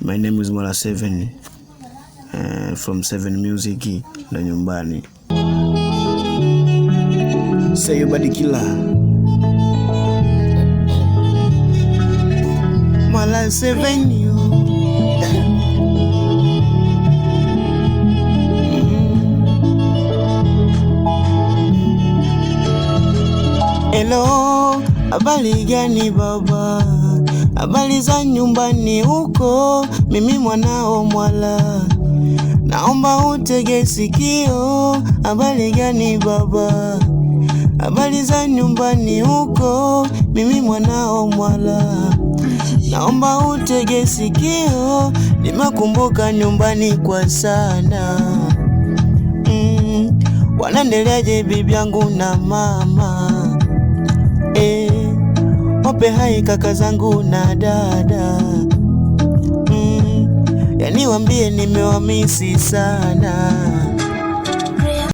My name is Mara Seven uh, from Seven Music na nyumbani. Say body killer. Mara Seven you. Hello, habari gani baba? habari za nyumbani huko, mimi mwanao Mwala, naomba utege sikio. Habari gani baba? Habari za nyumbani huko, mimi mwanao Mwala, naomba utege sikio. Nimekumbuka nyumbani kwa sana. Mm, wanaendeleaje bibi yangu na mama? Wape hai kaka zangu na dada mm, yani wambie nimewamisi sana.